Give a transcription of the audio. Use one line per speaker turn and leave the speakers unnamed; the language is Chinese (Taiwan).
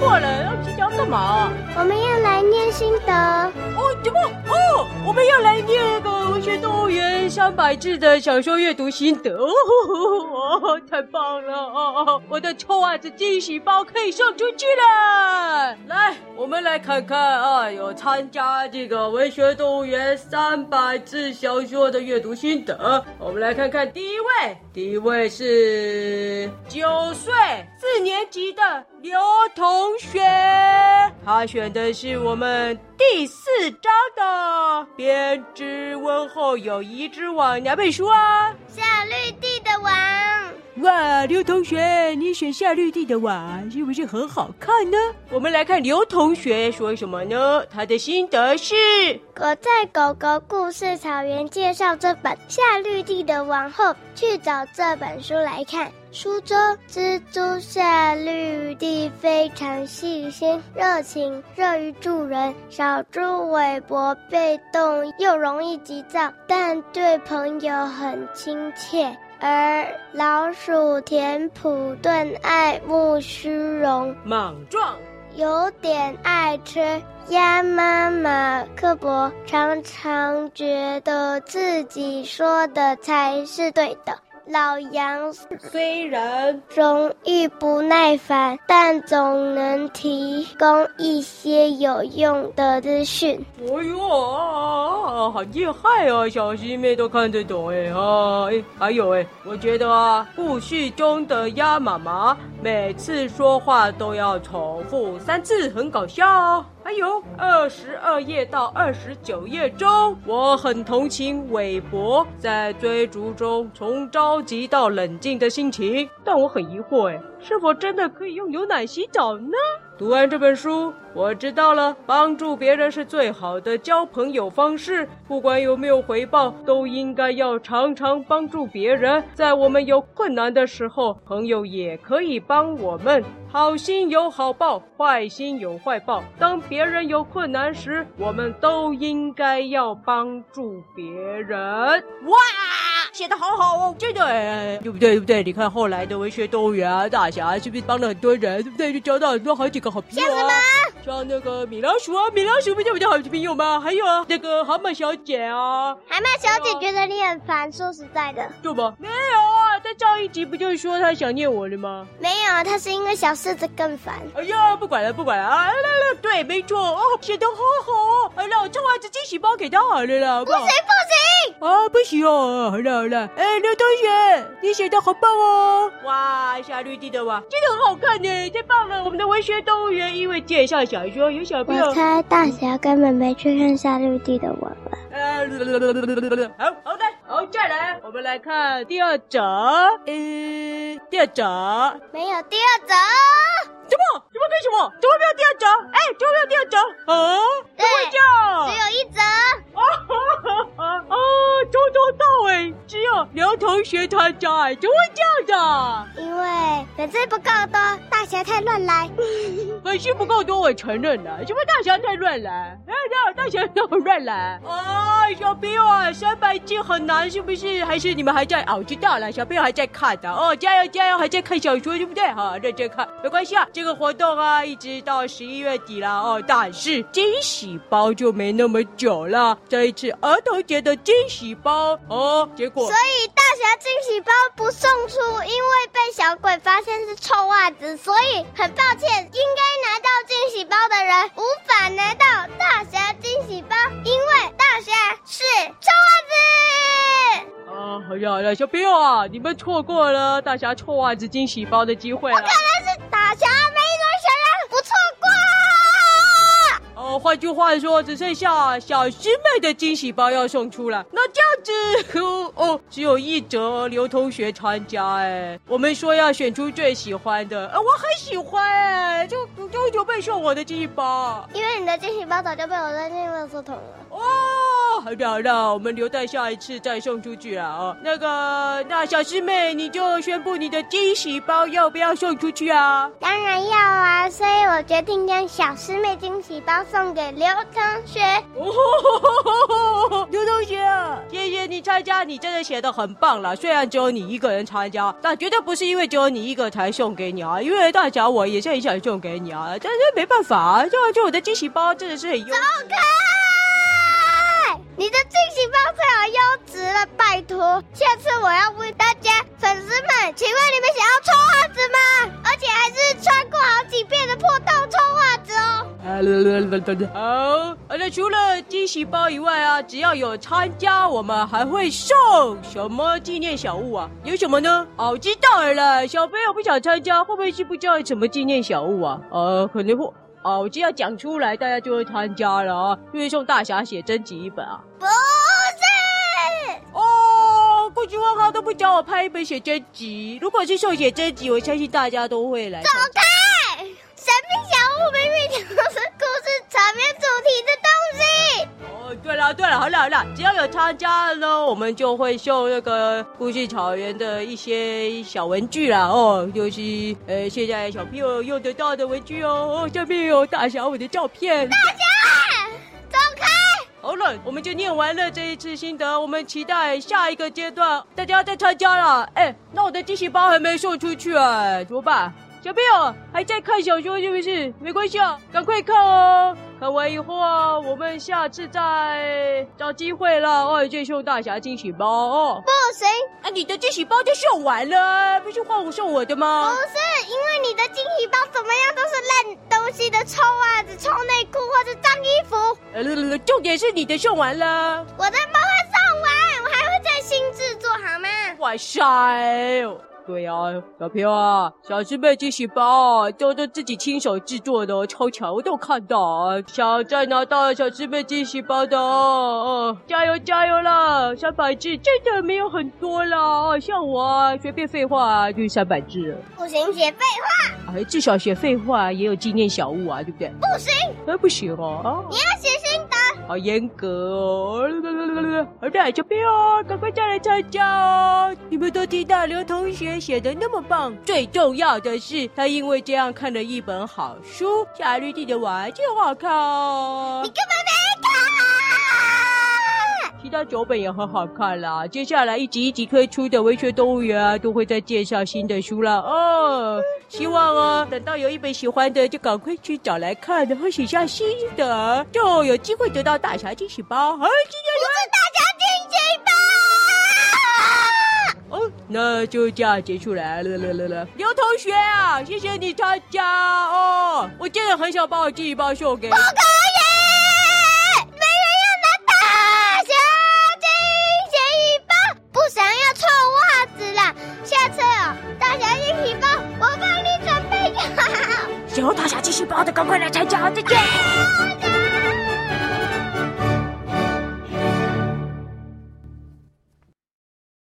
過來，要評獎幹嘛、嗯？我們要來念心得哦！怎麼哦？我們要來念一個《文學動物園》三百字的小說閱讀心得哦！太棒了哦，哦，我的臭襪子驚喜包可以送出去了。來，我們來看看啊！有參加這個《文學動物園》三百字小說的閱讀心得，我們來看看第一位，第一位是九歲四年級的。劉同學，他選的是我們第四章的編織溫厚友誼之網，你要背書啊，夏綠蒂。哇，劉同學，你選夏綠蒂的網是不是很好看呢？我們來看劉同學說什麼呢？他的心得是：我在狗狗故事草原介紹
這本夏綠蒂的網後，去找這本書來看書中，蜘蛛夏綠蒂非常細心、熱情、樂於助人；小豬韋伯被動又容易急躁，但對朋友很親切。而老鼠田普頓愛慕虛榮、莽撞，有點愛吃，鴨媽媽刻薄，常常覺得自己說的才是對的。老楊雖然容易不耐煩，但總能提供一些有用的資訊。
哎呦，啊啊啊、好厲害啊！小獅妹都看得懂哎、欸、哈、啊欸！還有哎、欸，我覺得啊，故事中的鴨媽媽每次說話都要重複三次，很搞笑、啊。還有二十二頁到二十九頁中，我很同情韋伯在追逐中從着急到冷靜的心情，但我很疑惑，誒，是否真的可以用牛奶洗澡呢？讀完這本書，我知道了，幫助別人是最好的交朋友方式。不管有沒有回報，都應該要常常幫助別人。在我們有困難的時候，朋友也可以幫我們。好心有好報，壞心有壞報。當別人有困難時，我們都應該要幫助別人。哇！寫的好好哦，真的，對不對？對不對？你看後來的文學動物園啊，大俠、啊、是不是幫了很多人？對不對？就交到很多好幾個好朋友、啊，像什麼？像那個米老鼠啊，米老鼠不就比較比較好朋友嗎？還有啊，那個蛤蟆小姐啊，蛤蟆小姐、啊、覺得你很煩，說實在的，對吧？沒有啊，他上一集不就是說他想念我了嗎？沒有啊，他是因為小獅子更煩。哎呀，不管了，不管了啊來來來！對，沒錯哦，寫的好好。哦。好我、哦啊啊、這驚喜包給他好了啦，不行不行。不行啊、哦，不行、哦，好了好了。哎，劉同學，你寫得好棒哦！哇，夏綠蒂的網，真的很好看呢，太棒了！我們的文學動物園因為介紹小說有小朋友。我猜
大俠根本沒去看夏綠蒂的網。
哎、嗯，好好的，好，再來，我們來看第二章。嗯，第二章沒有第二章。就會這樣的，因為粉絲不夠多，大俠太亂來。粉 絲不夠多，我承認了。什麼大俠太亂來？對、哎、的，大俠都很亂來。哦，小朋友啊，啊三百字很難是不是？還是你們還在？哦，知道了，小朋友還在看的、啊、哦，加油加油，還在看小說對不對？好、哦，認真看，沒關係啊。這個活動啊，一直到十一月底了哦，但是驚喜包就沒那麼久了。這一次兒童節的驚喜包哦，結果所
以。大俠驚喜包不送出，因為被小鬼發現是臭襪子，所以很抱歉，應該拿到驚喜包的人無法拿到大俠驚喜包，因為大俠是臭襪子。
啊，哎呀，小朋友啊，你們錯過了大俠臭襪子驚喜包的機會了。我
可能是大俠。
換句話說，只剩下小獅妹的驚喜包要送出來。那這樣子，哦，只有一則劉同學參加哎。我們說要選出最喜歡的，呃，我很喜歡哎，就就準備送我的驚喜包，因為你
的驚喜包早就被我扔進垃圾桶了。哦
好的，好的、啊啊啊啊，我們留待下一次再送出去啊、哦。那個，那小獅妹，你就宣布你的驚喜包要不要送出去啊？當然要啊，所以我決定將小獅妹驚喜包送給劉同學。劉同學、啊，謝謝你參加，你真的寫得很棒啦。雖然只有你一個人參加，但絕對不是因為只有你一個才送給你啊，因為大小我也是很想送給你啊，但是沒辦法、啊，這樣就我的驚喜包真的是很
優。走開。你的驚喜包最好優質了，拜托！下次我要問大家，粉絲們，請問你們想要抽襪子嗎？而且還是穿過好幾遍的破洞抽襪子
哦！好，而、啊、除了驚喜包以外啊，只要有參加，我們還會送什麼紀念小物啊？有什麼呢？哦，知道了。小朋友不想參加，會不會是不知道什麼紀念小物啊？呃，可能會。哦、啊，我只要講出來，大家就會參加了啊！因為送大俠寫真集一本啊！不是哦，過去花花都不教我拍一本寫真集。如果是送寫真集，我相信大家都會來。走開！神秘小屋，神秘的。對了，好了好了，好了，只要有參加了，我們就會送那個《故事草原》的一些小文具啦。哦，就是呃，現在小朋友用得到的文具哦。哦，下面有大小我的照片。大家走開！好了，我們就念完了這一次心得。我們期待下一個階段大家再參加了。哎，那我的驚喜包還沒送出去啊，怎麼辦？小朋友還在看小說是不是？沒關係啊，趕快看哦。看完以後、啊，我們下次再找機會了。二、哦、見秀大俠驚喜包哦，不行是，那、啊、你的驚喜包就秀完了，不是換我送我的嗎？不是，
因為你的驚喜包怎麼樣都是爛東西的臭襪子、臭內褲或者髒衣服。
呃，重點是你的秀完了，
我的包他送完，我還會再新制作，好嗎？哇
塞！對啊，小朋友啊，小獅妹驚喜包啊，都都自己親手製作的，哦，超強我都看到啊，想再拿到小獅妹驚喜包的，哦。哦，加油加油了，三百字真的沒有很多了，像我，啊，隨便廢話啊，就是三百字，
不行寫廢
話，哎，至少寫廢話也有紀念小物啊，對不對？不行，哎，不行，哦，啊，你
要寫心得。
好嚴格哦！好在小兵哦，趕快叫來參加哦！你們都聽到劉同學寫得那麼棒，最重要的是他因為這樣看了一本好書，夏綠蒂的網就好看哦。你根本沒看。其他九本也很好看啦，接下來一集一集推出的《文學動物園》啊，都會再介紹新的書啦哦。希望哦，等到有一本喜歡的，就趕快去找來看，然後寫下心得，就有機會得到大俠驚喜包。哎，今天就是大俠驚喜包。啊啊、哦，那就這樣結束來了了了了。劉同學啊，謝謝你參加哦，我真的很想把我第一包送給你。不可以
下次、啊、大俠一起包，我幫你
準備好。有大俠繼續包的，趕快來參加！再見。哎